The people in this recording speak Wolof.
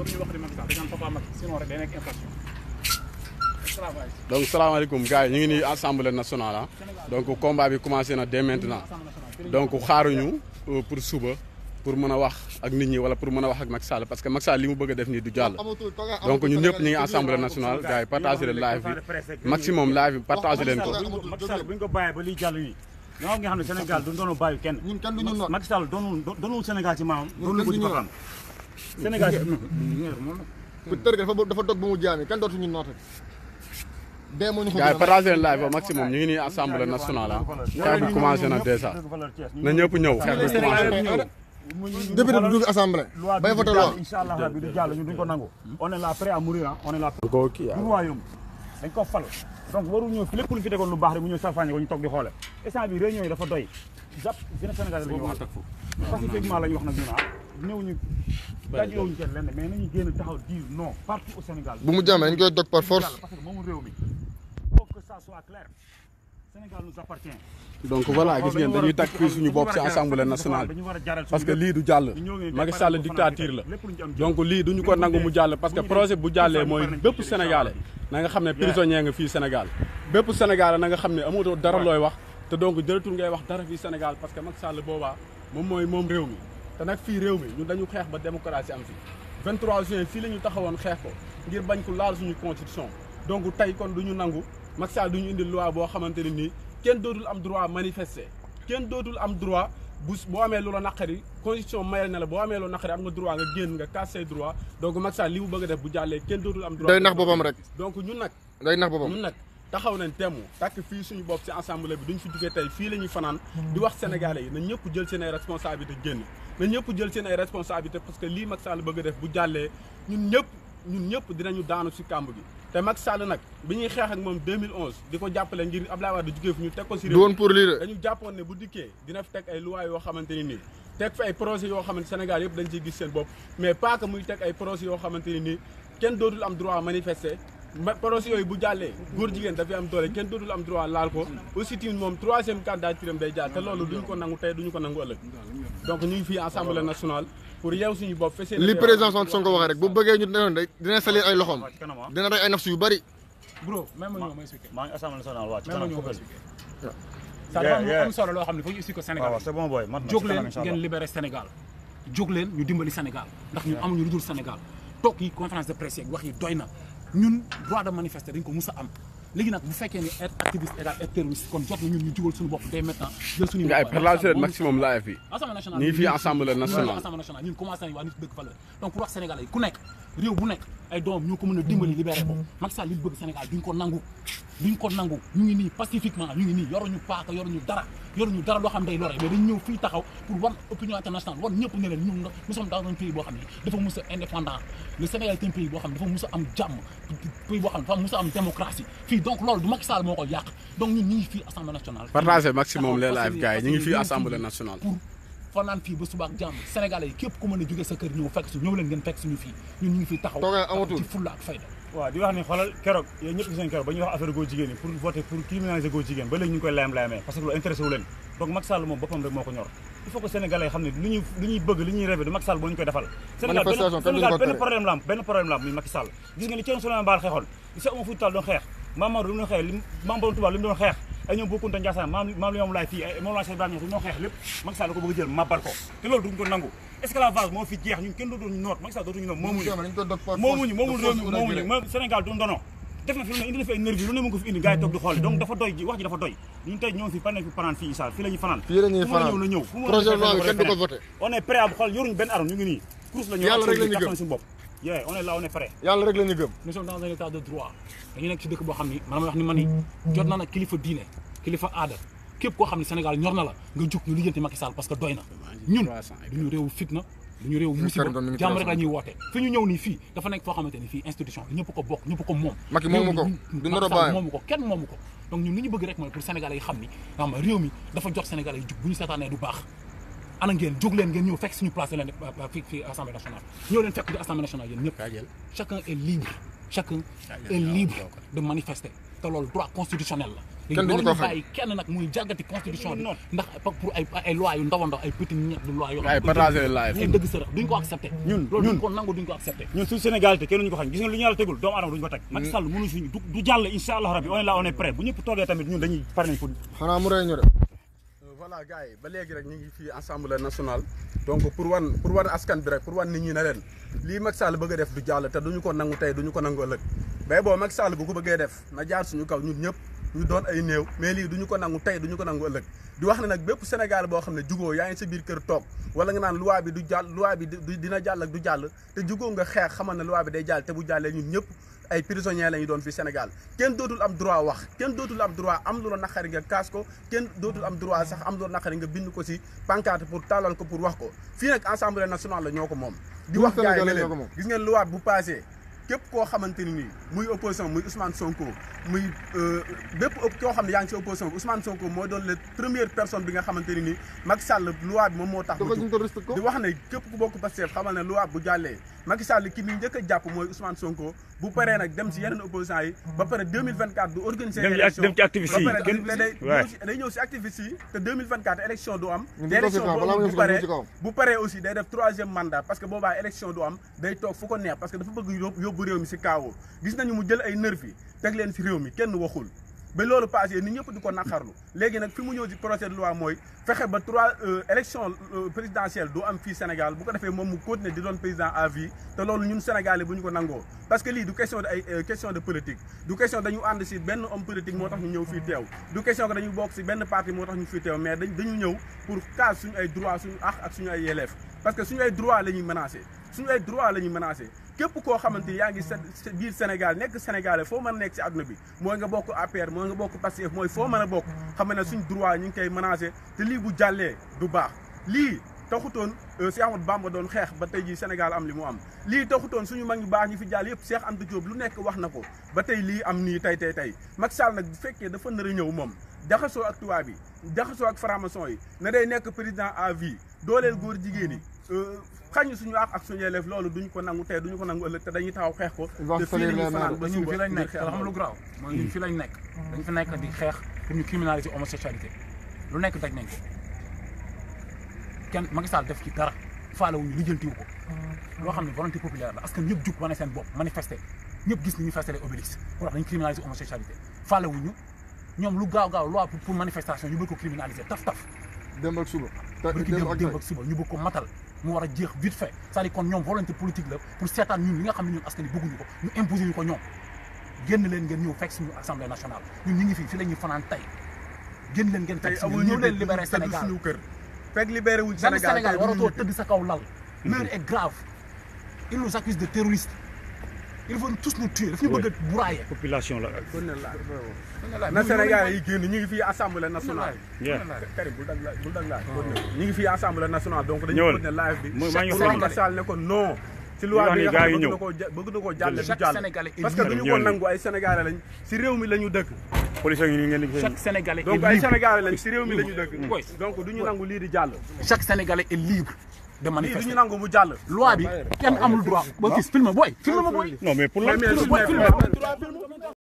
dootuñu wax di Macky Sall dañu donc salaamaaleykum gars yi ñu ngi nii assemblée nationale ah. donc combat bi commencé na dès maintenant donc xaaruñu euh, pour suba pour mën a wax ak nit ñi wala pour mën a wax ak Macky Sall parce que Macky li mu bëgg def nii du jàll. donc ñun ñëpp ñu ngi assemblée nationale gars yi partagé leen live bi maximum live bi partagé leen ko. Macky Sall bu ñu ko bàyyee ba liy jàll yi. ñoo nga xam ne Sénégal du doonu bàyyi kenn. Macky Sall doonul doonul Sénégal ci maamam. doonul ko ci papaam. Sénégal tër gi dafa dafa toog ba mu jaami kenn dootuñu noote. dee moo ñu ko gën a. gars yi partagé leen live ba maximum ñu ngi nii assemblée nationale ah. xeex bi na dèjà. na ñëpp ñëw xeex bi commencé. député bi dugg assemblée. bay allah rabbi du jàll ñu duñ ko nangu. on est là prêt à mourir ah. on est là. koo kii ah. dañ ko fal donc waruñu fi lépp lu fi tegoon lu baax rek mu ñëw salfaañe ko ñu toog di xoole instant bi réunion dafa doy jàpp a Sénégal la ñu wax pacifiquement la ñëw ñu. daj yowuñu kenn lenn mais nañu génn taxaw dire non partout au Sénégal. bu mu jàmm dañ koy dog par force. parce que moomu réew mi faut que ça soit clair. Sénégal nous appartient. donc voilà gis ngeen dañuy takk fii suñu bopp ci assemblée nationale parce que lii du jàll Macky Sall dictature la donc lii duñu ko nangu mu jàll parce que projet bu jàllee mooy bépp sénégalais na nga xam ne prisonnier nga fii Sénégal bépp sénégalais na nga xam ne amatoo dara looy wax te donc jëlatul ngay wax dara fii Sénégal parce que Macky Sall booba moom mooy moom réew mi te nag fii réew mi ñun dañu xeex ba démocratie am fi 23 juin fii la ñu taxawoon xeex ko ngir bañ ku laal suñu constitution donc tey kon du ñu nangu Macky Sall du ñu indi loi boo xamante ne nii kenn dootul am droit manifester kenn dootul am droit bu boo amee loola naqari constitution mayal na la boo amee loola naqari am nga droit nga génn nga casse say droit donc Macky Sall li mu bëgg a def bu jàllee kenn dootul am. droit day nax boppam rek. donc ñun nag. day nax boppam ñun nag. taxaw nañ temm takk fii suñu bopp ci assemblée bi duñ fi jugee tey fii la ñuy fanaan di wax sénégalais yi na ñëpp jël seen ay responsabilité génn na ñëpp jël seen ay responsabilité parce que lii mag Sall bëgg a def bu jàllee ñun ñëpp ñun ñëpp dinañu daanu ci kàmb gi te Macky Sall nag bi ñuy xeex ak moom 2011 di ko jàppale ngir Abdoulaye Wade jugee fi ñu teg ko ci réew woon pour lii dañu jàppoon ne bu dikkee dina fi teg ay loi yoo xamante ni nii teg fi ay projet yoo xamante Sénégal yëpp dañ ciy gis bopp mais pas que muy teg ay projet yoo xamante ni nii kenn am droit manifester projet yooyu bu jàllee góor jigéen dafay am doole kenn dootul am droit laal ko aussi tamit moom troisième candidature am day jaar te loolu duñu ko nangu tey duñu ko nangu ëllëg donc ñu ngi fii nationale pour yeew suñu bopp fese li président Sonko waxee rek bu bëggee ñu denoon rek dina salir ay loxoom dina rey ay nafs yu bëri bro ma ñëw ma expliqué maa ngi assemblée nationale waa ci kanam ma ñëw ma expliqué ça dafa am solo loo xam ne foog ñu expliqué Sénégal ah, c'est bon leen ngeen libéré Sénégal jóg leen ñu dimbali Sénégal ndax ñu amuñu lu dul Sénégal toog yi conférence de presse yi doy na ñun droit de manifester dañ ko a am léegi nag bu fekkee ni être activiste égal être kon jot na ñun ñu jugal suñu bopp dès maintenant jël suñu nga ay perlager maximum laa fi assemblée nationale ñi fii assemblée nationale ñun waa nit dëgg valeur donc pour wax yi ku nekk réew bu nekk ay doom ñoo ko mën a dimbali libéré ko mm-hmm. Macky Sall li bëgg Sénégal duñ ko nangu duñ ko nangu ñu ngi nii pacifiquement ñu ngi nii yoruñu paaka yoruñu dara yoruñu dara loo xam day lore mais dañ ñëw fii taxaw pour wan opinion internationale wan ñëpp ne leen ñun nous sommes dans un pays boo xam ne dafa mus a indépendant le Sénégal est un pays boo xam ne dafa mus a am jàmm pays boo xam ne dafa mus a am démocratie fii donc loolu du Macky Sall moo ko yàq donc ñun ñu ngi fii assemblée nationale partagez maximum les live gars yi ñu ngi fii assemblée nationale fanaan fii ba suba ak jàmm yi képp ku mën a jóge sa kër ñëw leen ngeen fekk suñu fii ñun ñu ngi fi taxaw ci fulla ak fayda waaw di wax ni xoolal keroog yéen ñëpp gis keroog ba ñuy wax affaire góor jigéen yi pour voter pour criminaliser góor jigéen ba léegi ñu koy layam-layamee parce que loolu intéressé leen donc Macky Sall moom boppam rek moo ko ñor il faut que sénégalais xam ne lu ñuy bëgg lu ñuy rêvé du Macky Sall boo ñu koy defal Sénégal ay ñoom bokkunta ko bëgg jël mabal ko te loolu duñ ko nangu lu ne indi na mu ngi ko fi indi gars yi toog di fi fanaan fii isa fii la fanaan fu ma ñëw na ñëw fu ma on est prêt à benn arme ñu ngi nii kurus la ñu yàlla rek la ñu gëm suñu bopp de droit dañu nekk ci dëkk boo xam ni maanaam wax ni ma ni jot na kilifa diine kilifa aada képp koo xam ne Sénégal ñor na la nga jug ñu lijjanti Macky Sall parce que doy na ñun duñu réew fitna duñu réew musiba jàmm rek la ñuy woote fi ñu ñëw nii fii dafa nekk foo xamante ni fii institution ñëpp ko bokk ñëpp ko moom Macky moomu ko du nar a bàyyi moomu ko kenn moomu ko donc ñun li ñu bëgg rek mooy pour Sénégalais yi xam ni xam réew mi ana ngeen jóg leen ngeen ñëw fekk suñu place leen fii fii assemblée nationale ñëw leen fekk di assemblée nationale yéen ñëpp chacun est libre chacun est libre de manifester te loolu droit constitutionnel la kenn duñu ko xañ kenn nag muy jàggati constitution bi ndax pour ay ay loi yu ndaw ndaw ay petit ñett du loi yoo ay dëgg sa duñ ko accepté ñun loolu duñ ko nangu duñ ko accepté ñun suñu sénégalité kenn duñu ko xañ gis nga lu ñu yàlla tegul doomu aadama duñu ko teg Macky mm. Sall mënu suñu du jàll insha allah rabbi on est là on est prêt bu ñëpp toogee tamit ñun dañuy pare nañ ko xanaa mu rey ñu de laa gars yi ba léegi rek ñu ngi fii assemblée nationale donc pour wan pour wan askan bi rek pour wan nit ñi ne leen lii mag Sall bëgg a def du jàll te duñu ko nangu tey duñu ko nangu ëllëg boo Macky Sall bu ko bëggee def na jaar suñu kaw ñun ñëpp ñu doon ay néew mais lii duñu ko nangu tey duñu ko nangu ëllëg di wax ne nag bépp Sénégal boo xam ne jugoo yaa ngi sa biir kër toog wala nga naan loi bi du jàll loi bi dina jàll ak du jàll te jugoo nga xeex xamal ne loi bi day jàll te bu jàllee ñun ñëpp ay prisonniers la ñu doon fii Sénégal kenn dootul am droit wax kenn dootul am droit am lu la naqari nga kaas ko kenn dootul am droit sax am lu la naqari nga bind ko ci pancarte pour taalal ko pour wax ko fii nag assemblée nationale la ñoo ko moom di wax gars yi ne leen gis ngeen luwaat bu passé képp koo xamante ni nii muy opposition muy Ousmane Sonko muy euh, bépp koo xam ne yaa ngi si opposition Ousmane Sonko mooy doon la première personne bi nga xamante ni nii Macky moo tax wax ne képp ku bokk Pastef xamal ne loi Macky Sall ki muy njëkk jàpp mooy Ousmane Sonko bu paree nag dem si yeneen opposants yi ba pare 2024 du organiser élection dem ci activiste yi day ñëw si activiste yi te 2024 élection du am te élection boobu bu paree bu paree aussi day def troisième mandat parce que boobaa élection du am day toog fu ko neex parce que dafa bëgg yóbbu réew mi si kaawoo gis nañu mu jël ay nervi teg leen si réew mi kenn waxul ba loolu passé nit ñëpp di ko naqarlu léegi nag fi mu ñëw ci projet de loi mooy fexe ba trois euh, élection euh, présidentielle doo am fii Sénégal bu ko defee moom mu continuer di doon président à vie te loolu ñun Sénégalais bu ñu ko nangoo parce que lii du question de ay euh, question de politique du question dañu ànd si benn homme politique moo tax ñu ñëw fii teew du question que dañu bokk si benn parti moo tax ñu fii teew mais dañu ñëw pour cas suñu ay suñu àq ak suñu ay que suñu ay droit la ñuy menacé suñu ay droit la ñuy menacé képp koo xamante yaa ngi sa biir Sénégal nekk Sénégalais foo mën a nekk si àdduna bi mooy nga bokk APR mooy nga bokk Pastef mooy foo mën a bokk xam ne suñ droit ñu ngi koy menacé te lii bu jàllee du baax lii taxutoon euh, Cheikh Ahmadou Bamba doon xeex ba tey jii Sénégal am li mu am lii taxutoon suñu mag ñu baax ñu fi jàll yëpp Cheikh Anta Diop lu nekk wax na ko ba tey lii am nii tey tey tey Macky Sall nag bu fekkee dafa nar a ñëw moom jaxasoo ak tubaab yi jaxasoo ak franc yi na day nekk président à vie dooleel góor jigéen yi xañu suñu àq ak suñu élève loolu duñu ko nangu tey duñu ko nangu ëllëg te dañuy taxaw xeex ko te fii lañu fanaan lañ nekk xam lu graw mooy nekk mm-hmm. dañ di xeex pour ñu criminaliser homosexualité lu nekk daj nañ ko kenn Macky Sall def ci dara faalewuñu lijjantiwu ko mm-hmm. loo xam ne volonté populaire la parce que ñëpp jug wane seen bopp manifester ñëpp gis ni ñu festere Obélisque pour wax dañu criminaliser homosexualité faalewuñu ñoom lu gaaw gaaw loi pour manifestation ñu ko criminaliser taf taf démb ak suba démb ak suba ñu bëgg ko matal mu war a jeex vite fait cest à kon ñoom volonté politique la pour seetaan ñun li nga xam ne ñun askan wi bëgguñu ko ñu imposer ñu ko ñoom génn leen ngeen ñëw fekk suñu assemblée nationale ñun ñu ngi fii fi la ñuy fanaan tey génn leen ngeen fekk suñu ñëw leen libéré Sénégal suñu kër fekk libéré wuñ Sénégal waratoo tëdd sa kaw lal l'heure est grave ils nous accusent de terroristes il faut tous nous tuer daf ñu bëgg a broyer la na Sénégal yi génn ñu ngi fii assemblée nationale Karim bul dag ngi fii assemblée nationale donc dañu ne live bi Macky ko non ci loi bi nga xam na koo jàll du jàll parce que duñu ko nangu ay sénégalais lañ si réew mi la ñu dëkk police yi ngeen di chaque sénégalais donc ay sénégalais lañ réew mi la ñu dëkk donc duñu nangu lii di jàll chaque sénégalais est libre de manifester lii du ñu nangu mu jàll. loi bi kenn amul droit ba gis filmé booy. filmé ma booy. non la.